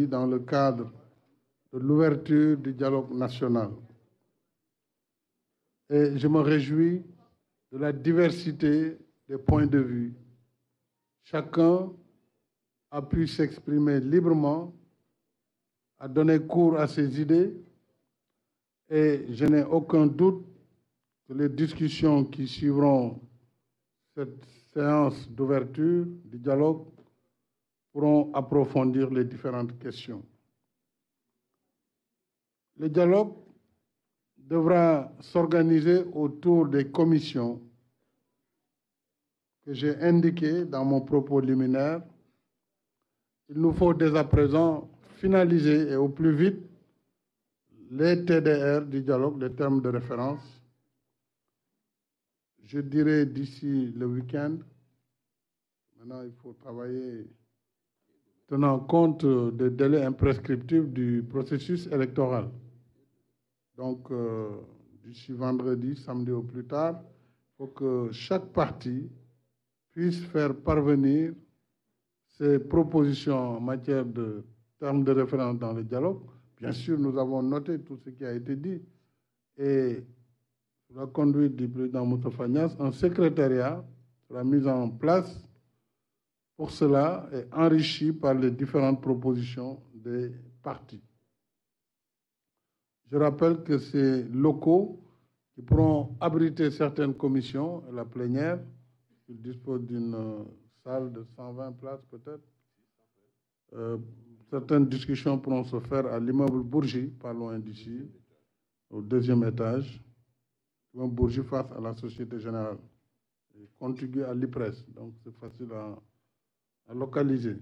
dans le cadre de l'ouverture du dialogue national. Et je me réjouis de la diversité des points de vue. Chacun a pu s'exprimer librement, a donné cours à ses idées et je n'ai aucun doute que les discussions qui suivront cette séance d'ouverture du dialogue pourront approfondir les différentes questions. Le dialogue devra s'organiser autour des commissions que j'ai indiquées dans mon propos liminaire. Il nous faut dès à présent finaliser et au plus vite les TDR du dialogue, les termes de référence. Je dirais d'ici le week-end. Maintenant, il faut travailler tenant compte euh, des délais imprescriptifs du processus électoral. Donc, euh, d'ici vendredi, samedi au plus tard, il faut que chaque parti puisse faire parvenir ses propositions en matière de termes de référence dans le dialogue. Bien sûr, nous avons noté tout ce qui a été dit et la conduite du président Moutafanias, en secrétariat la mise en place pour cela est enrichi par les différentes propositions des partis. Je rappelle que ces locaux qui pourront abriter certaines commissions, la plénière, ils disposent d'une euh, salle de 120 places peut-être. Euh, certaines discussions pourront se faire à l'immeuble Bourgie, pas loin d'ici, au deuxième étage. L'immeuble Bourgie face à la Société Générale, contigu à l'IPRES, donc c'est facile à localiser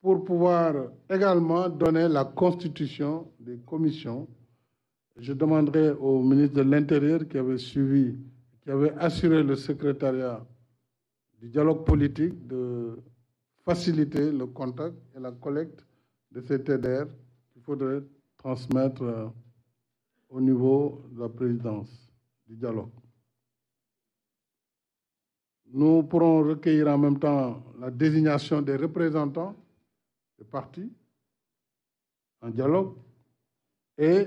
pour pouvoir également donner la constitution des commissions. Je demanderai au ministre de l'Intérieur qui avait suivi, qui avait assuré le secrétariat du dialogue politique de faciliter le contact et la collecte de ces TDR qu'il faudrait transmettre euh, au niveau de la présidence du dialogue. Nous pourrons recueillir en même temps la désignation des représentants des partis en dialogue. Et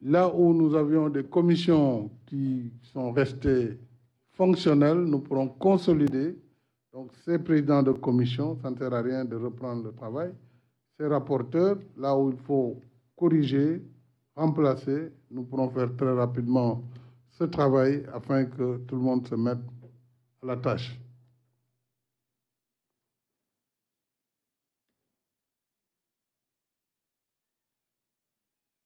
là où nous avions des commissions qui sont restées fonctionnelles, nous pourrons consolider donc ces présidents de commission. Ça ne sert à rien de reprendre le travail. Ces rapporteurs, là où il faut corriger, remplacer, nous pourrons faire très rapidement ce travail afin que tout le monde se mette la tâche.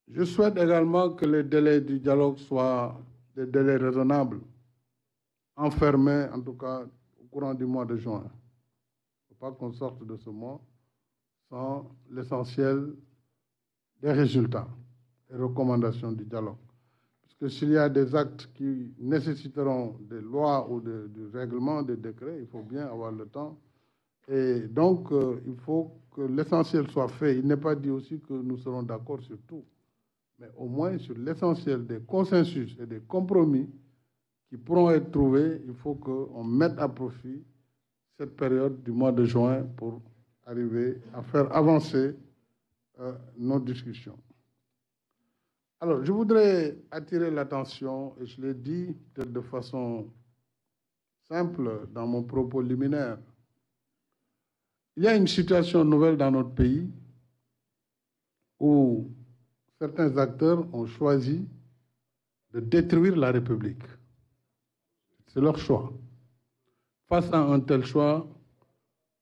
Je souhaite également que les délais du dialogue soient des délais raisonnables, enfermés en tout cas au courant du mois de juin. Il ne faut pas qu'on sorte de ce mois sans l'essentiel des résultats et recommandations du dialogue que s'il y a des actes qui nécessiteront des lois ou des règlements, des décrets, il faut bien avoir le temps. Et donc, euh, il faut que l'essentiel soit fait. Il n'est pas dit aussi que nous serons d'accord sur tout, mais au moins sur l'essentiel des consensus et des compromis qui pourront être trouvés, il faut qu'on mette à profit cette période du mois de juin pour arriver à faire avancer euh, nos discussions. Alors, je voudrais attirer l'attention, et je l'ai dit de façon simple dans mon propos liminaire. Il y a une situation nouvelle dans notre pays où certains acteurs ont choisi de détruire la République. C'est leur choix. Face à un tel choix,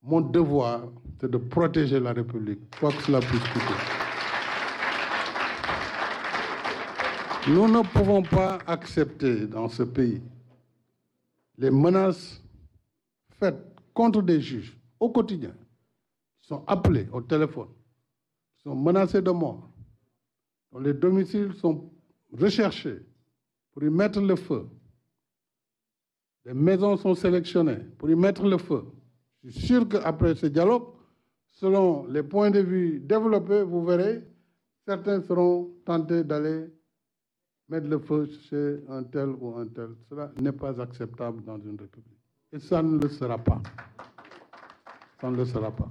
mon devoir, c'est de protéger la République, quoi que cela puisse coûter. Nous ne pouvons pas accepter dans ce pays les menaces faites contre des juges au quotidien, qui sont appelés au téléphone, qui sont menacés de mort, dont les domiciles sont recherchés pour y mettre le feu. Les maisons sont sélectionnées pour y mettre le feu. Je suis sûr qu'après ce dialogue, selon les points de vue développés, vous verrez, certains seront tentés d'aller mettre le feu chez un tel ou un tel. Cela n'est pas acceptable dans une république. Et ça ne le sera pas. Ça ne le sera pas.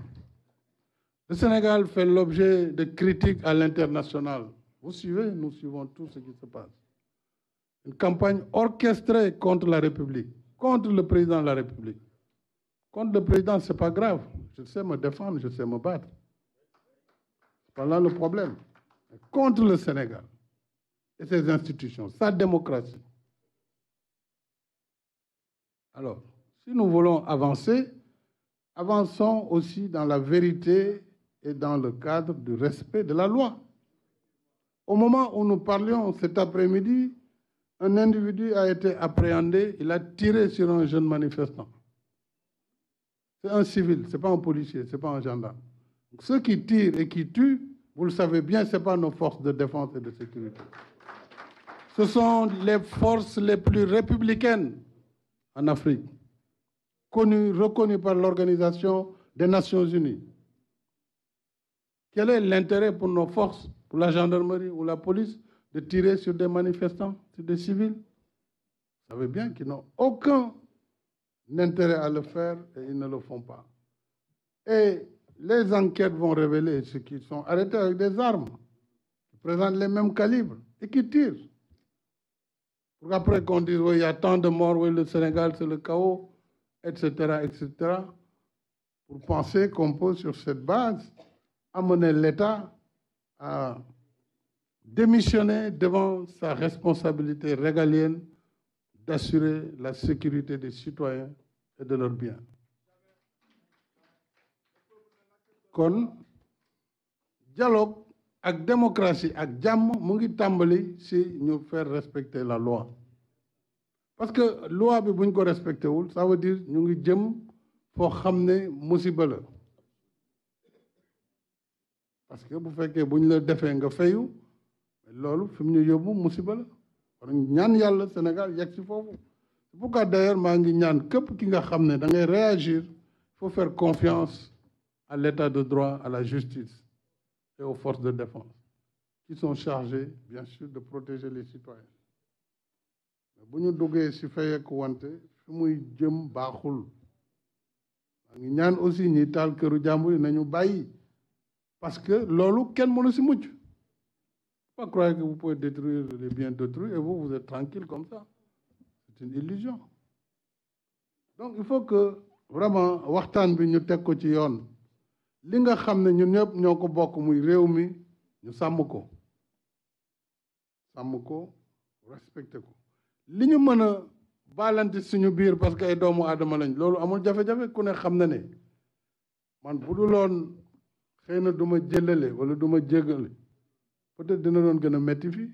Le Sénégal fait l'objet de critiques à l'international. Vous suivez, nous suivons tout ce qui se passe. Une campagne orchestrée contre la République, contre le président de la République. Contre le président, ce n'est pas grave. Je sais me défendre, je sais me battre. Ce n'est pas là le problème. Contre le Sénégal et ses institutions, sa démocratie. Alors, si nous voulons avancer, avançons aussi dans la vérité et dans le cadre du respect de la loi. Au moment où nous parlions cet après-midi, un individu a été appréhendé, il a tiré sur un jeune manifestant. C'est un civil, ce n'est pas un policier, ce n'est pas un gendarme. ceux qui tirent et qui tuent, vous le savez bien, ce n'est pas nos forces de défense et de sécurité. Ce sont les forces les plus républicaines en Afrique, connues, reconnues par l'Organisation des Nations Unies. Quel est l'intérêt pour nos forces, pour la gendarmerie ou la police, de tirer sur des manifestants, sur des civils Vous savez bien qu'ils n'ont aucun intérêt à le faire et ils ne le font pas. Et les enquêtes vont révéler ceux qui sont arrêtés avec des armes, qui présentent les mêmes calibres et qui tirent. Après qu'on dise, oui, il y a tant de morts, oui, le Sénégal, c'est le chaos, etc., etc. Pour penser qu'on peut, sur cette base, amener l'État à démissionner devant sa responsabilité régalienne d'assurer la sécurité des citoyens et de leurs biens. Con, dialogue ak démocratie ak jamm mu ngi tambali si ñu faire respecter la loi parce que loi bi buñ ko respecté wul ça veut dire ñu ngi jëm foo xam ne musiba la parce que bu fekkee buñ la defee nga fayu loolu fi mu ñu yóbbu musiba la war ñaan yàlla Sénégal yegg si foofu pourquoi d'ailleurs maa ngi ñaan képp ki nga xam ne da ngay réagir il faut faire confiance à l'état de droit à la justice et aux forces de défense, qui sont chargées, bien sûr, de protéger les citoyens. parce que pas croire que vous pouvez détruire les biens d'autrui et vous vous êtes tranquille comme ça c'est une illusion donc il faut que vraiment li nga xam ne ñun ñëpp ñoo ko bokk muy réew mi ñu sàmm ko sàmm ko respecté ko li ñu mën a baalante suñu biir parce que ay doomu aadama lañ loolu amul jafe-jafe ku ne xam na ne man bu dul loon xëy na du jëlale wala du ma jégale peut-être dina doon gën a metti fii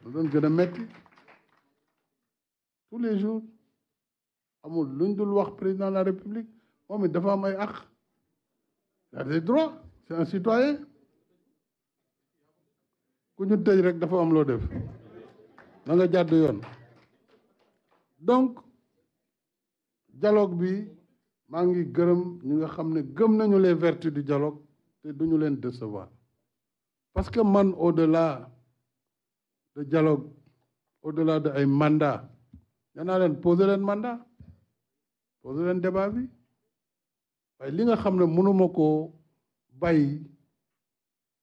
na doon gën a metti tous les jours amul luñ dul wax président de la république moom it dafa am ay il a des droits c'est un citoyen ku ñu tëj rek dafa am loo def na nga jàdd yoon donc dialogue bi mangi ngi gërëm ñi nga xam ne gëm nañu les vertus du dialogue te duñu leen décevoir parce que man au-delà de dialogue au-delà de ay mandat nee naa leen poser leen mandat poser leen débat bi waaye li nga xam ne mënuma koo bàyyi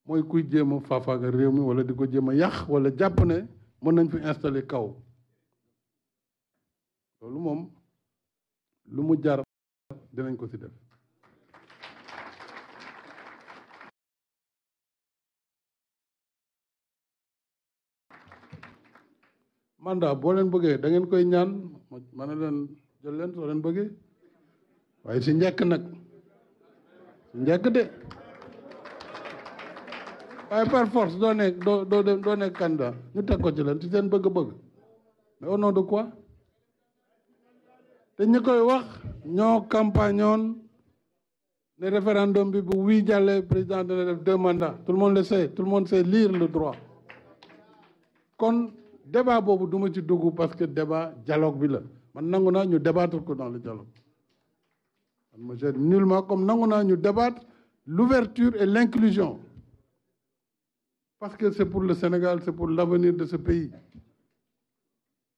mooy kuy jéem a faafaaga réew mi wala di ko jéem a yàq wala jàpp ne mën nañ fi installé kaw loolu moom lu mu jar dinañ ko ci def mandat boo leen bëggee dangeen koy ñaan ma ne leen jël leen soo leen bëggee waaye ci njëkk nag a de par force donnez, donnez doo candidat Nous teg ko ci lan ci mais au nom de quoi Nous ñi koy wax ñoo campagne oon ne référendum bi bu président de def deux mandats tout le monde le sait tout le monde sait lire le droit le débat boobu duma ci dugg parce que débat dialogue bi la man nous ñu débattre dans le dialogue nullement comme nous, nous ñu débattre l'ouverture et l'inclusion parce que c'est pour le Sénégal c'est pour l'avenir de ce pays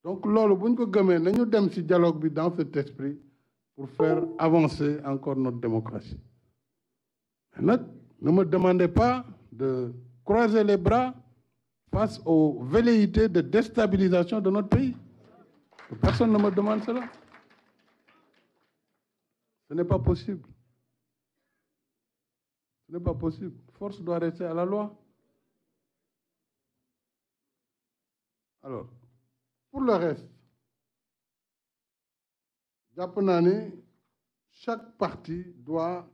donc nous devons nous ko dialogue dans cet esprit pour faire avancer encore notre démocratie ne me demandez pas de croiser les bras face aux velléités de déstabilisation de notre pays personne ne me demande cela ce n'est pas possible. Ce n'est pas possible. Force doit rester à la loi. Alors, pour le reste, Japonani, chaque parti doit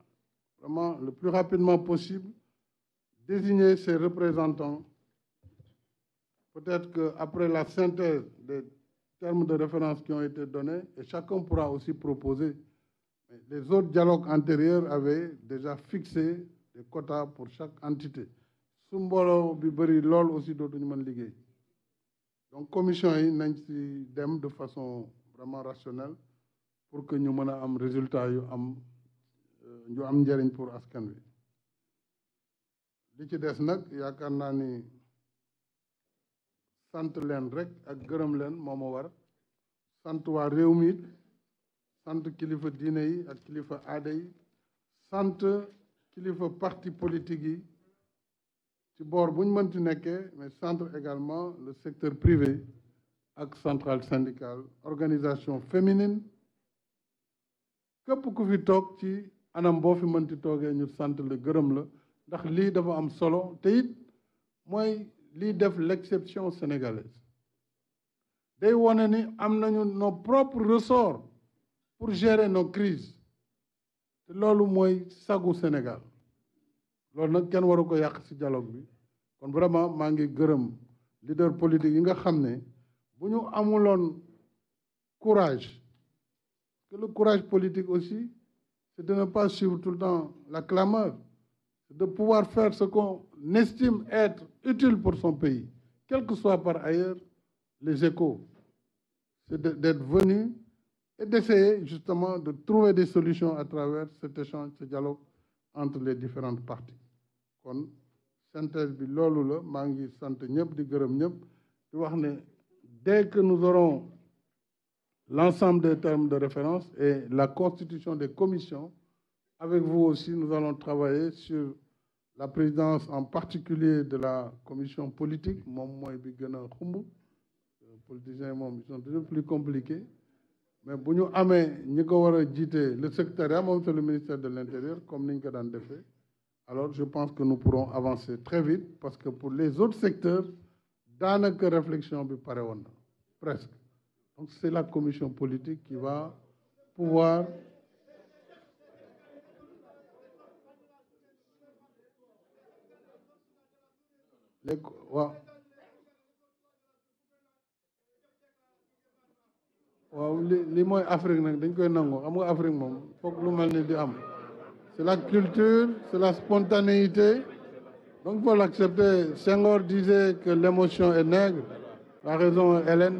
vraiment le plus rapidement possible désigner ses représentants. Peut-être qu'après la synthèse des termes de référence qui ont été donnés, et chacun pourra aussi proposer les autres dialogues antérieurs avaient déjà fixé des quotas pour chaque entité Sumbolo, mbooloo bi bëri aussi d'autres n'y liggéey donc commission est de façon vraiment rationnelle pour que nous ayons un am résultat am euh, pour askanvi. Ce qui est des cas, c'est que ni sant leen rek ak gërëm leen moo ma de sant Centre kilifa diine yi kilifa kilifa parti politique yi ci mais centre également le secteur privé ak centrale syndicale organisation féminine képp ku fi vous ci anam fi ñu gërëm la ndax dafa am solo te l'exception sénégalaise day nos propres ressorts pour gérer nos crises c'est ce que au Sénégal ce que nous avons ko dans ci dialogue bi vraiment maa ngi leader politique yi nga xam nous avons courage que le courage politique aussi c'est de ne pas suivre tout le temps la clameur c'est de pouvoir faire ce qu'on estime être utile pour son pays quel que soit par ailleurs les échos c'est d'être venu et d'essayer justement de trouver des solutions à travers cet échange, ce dialogue entre les différentes parties. di dès que nous aurons l'ensemble des termes de référence et la constitution des commissions avec vous aussi nous allons travailler sur la présidence en particulier de la commission politique mom moy bi gëna xumbu euh, politiciens politicien ils sont toujours plus compliqués mais bu nous amee ñi ko le secteur moom le ministère de l'intérieur comme niñ ko daan alors je pense que nous pourrons avancer très vite parce que pour les autres secteurs dans daanaka réflexion bi pare woon presque donc c'est la commission politique qui va pouvoir waaw li li mooy Afrique nag dañ koy nangu xam nga Afrique moom foog lu mel ni di am c'est la culture c'est la spontanéité donc faut l'accepter Senghor disait que l'émotion est nègre la raison est Hélène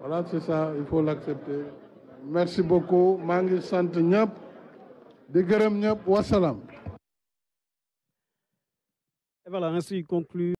voilà c'est ça il faut l'accepter merci beaucoup maa ngi sant ñëpp di gërëm ñëpp wasalaam Et voilà, ainsi conclut.